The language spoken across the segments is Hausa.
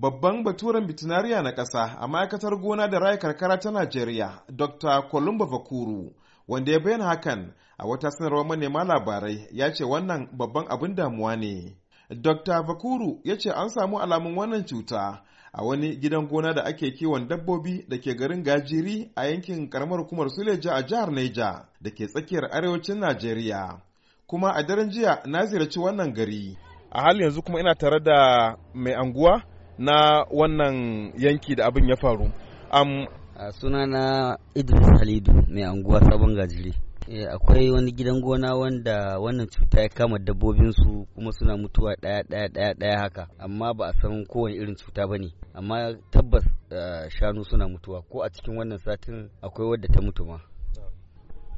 Babban baturen bitinariya na ƙasa a ma'aikatar gona da raya karkara ta Najeriya, Dr. Kolumba Bakuru, wanda ya bayyana hakan a wata sanarwar manema labarai ya ce wannan babban abin damuwa ne. Dr. Bakuru ya ce an samu alamun wannan cuta a wani gidan gona da ake kiwon dabbobi da ke garin Gajiri a yankin karamar hukumar Suleja a jihar Neja da ke tsakiyar arewacin Najeriya. Kuma a daren jiya na ziyarci wannan gari. A hali yanzu kuma ina tare da mai anguwa na wannan yanki da abin ya faru um, a sunana idris halidu mai anguwa sabon gajiri eh, akwai wani gidan gona wanda wannan cuta ya kama dabbobinsu kuma suna mutuwa ɗaya ɗaya ɗaya daya haka amma ba a san kowane irin cuta ba ne amma tabbas eh, shanu suna mutuwa ko a cikin wannan satin akwai wadda ta mutu ma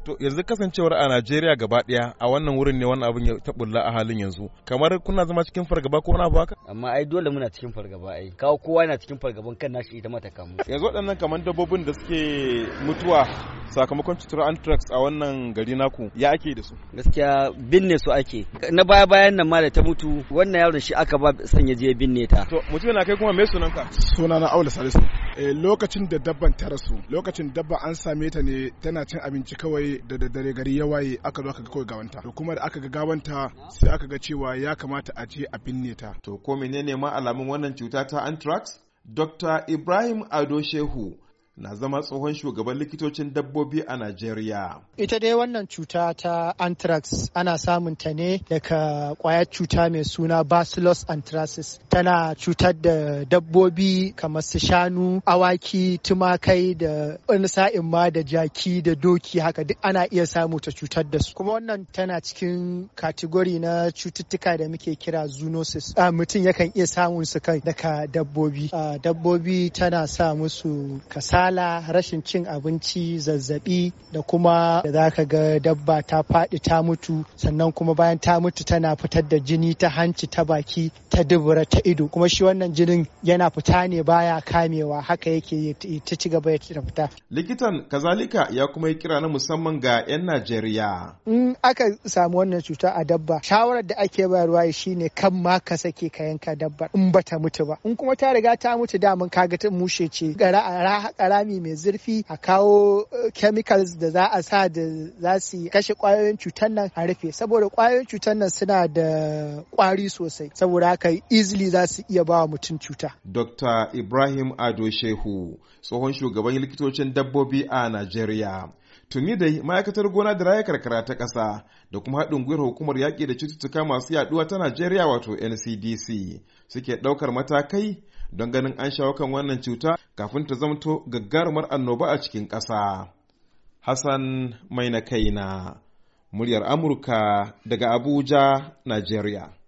To yanzu kasancewar a Najeriya gaba daya a wannan wurin ne wannan abin ya taɓulla a halin yanzu. Kamar kuna zama cikin fargaba ko wani abu haka? Amma ai dole muna cikin fargaba ai. Kawo kowa yana cikin fargaban kan nashi ita mata kamu. Yanzu waɗannan kamar dabbobin da suke mutuwa sakamakon cutar anthrax a wannan gari naku ya ake da su gaskiya binne su ake na baya bayan nan ma da ta mutu wannan yaron shi aka ba sanya je binne ta to mutum na kai kuma me sunanka sunana Aula Salisu Eh, lokacin da dabban ta rasu lokacin dabba an same ta ne tana cin abinci kawai da daddare gari ya waye aka zo aka ga kawai gawanta to kuma da aka ga gawanta sai aka ga cewa ya kamata a je a binne ta to ko menene ma alamun wannan cuta ta anthrax Dr. Ibrahim Ado Shehu na zama tsohon shugaban likitocin dabbobi a Najeriya. Ita dai wannan cuta ta anthrax ana samun ta ne daga kwayar cuta mai suna Bacillus anthracis. Tana cutar da dabbobi kamar su shanu, awaki, tumakai da wani ma da jaki da doki haka duk ana iya samu ta cutar da su. Kuma wannan tana cikin kategori na cututtuka da muke kira zoonosis. Ah, mutum yakan iya samun su kan daga dabbobi. Ah, dabbobi tana sa musu kasa kasala rashin cin abinci zazzabi da kuma da za ka ga dabba ta faɗi ta mutu sannan kuma bayan ta mutu tana fitar da jini ta hanci ta baki ta dubura ta ido kuma shi wannan jinin yana fita ne baya kamewa haka yake ta ci gaba ta fita. likitan kazalika ya kuma yi kira na musamman ga 'yan najeriya. in aka samu wannan cuta a dabba shawarar da ake bayarwa shine kan ma ka sake ka yanka dabbar in bata mutu ba in kuma ta riga ta mutu da ka kaga ta mushe ce rami mai zurfi a kawo eh, chemicals da za a sa da za su kashe kwayoyin cutar nan a rufe saboda kwayoyin cutar nan suna da kwari sosai saboda haka easily za su iya ba mutum cuta. Dr. Ibrahim Ado Shehu tsohon shugaban likitocin dabbobi a Najeriya. Tuni da ma'aikatar gona da raya karkara ta ƙasa da kuma haɗin gwiwar hukumar yaƙi da cututtuka masu yaɗuwa ta Najeriya wato NCDC suke ɗaukar matakai don ganin an shawo kan wannan cuta kafin ta zamto gaggarumar annoba a cikin ƙasa. Hassan mai na kaina, muryar Amurka daga Abuja, Najeriya.